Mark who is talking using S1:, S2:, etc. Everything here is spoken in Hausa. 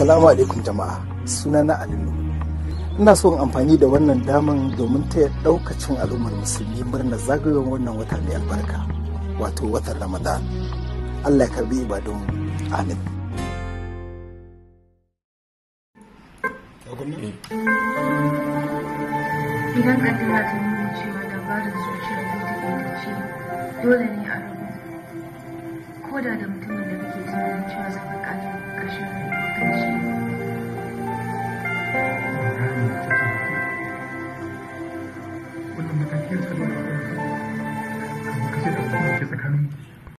S1: Assalamu alaikum jama'a na Alinu. Ina so in amfani da wannan daman domin taya daukacin al'ummar musulmi murna zagayen wannan wata mai albarka wato watan Ramadan. Allah ya karbi ibadun amin.
S2: Idan Allah
S3: ta nuna cewa labarin zuciyar da ce dole ne a rabu. Ko da da mutumin da kake
S4: tunanin cewa zama
S5: cuando pues, me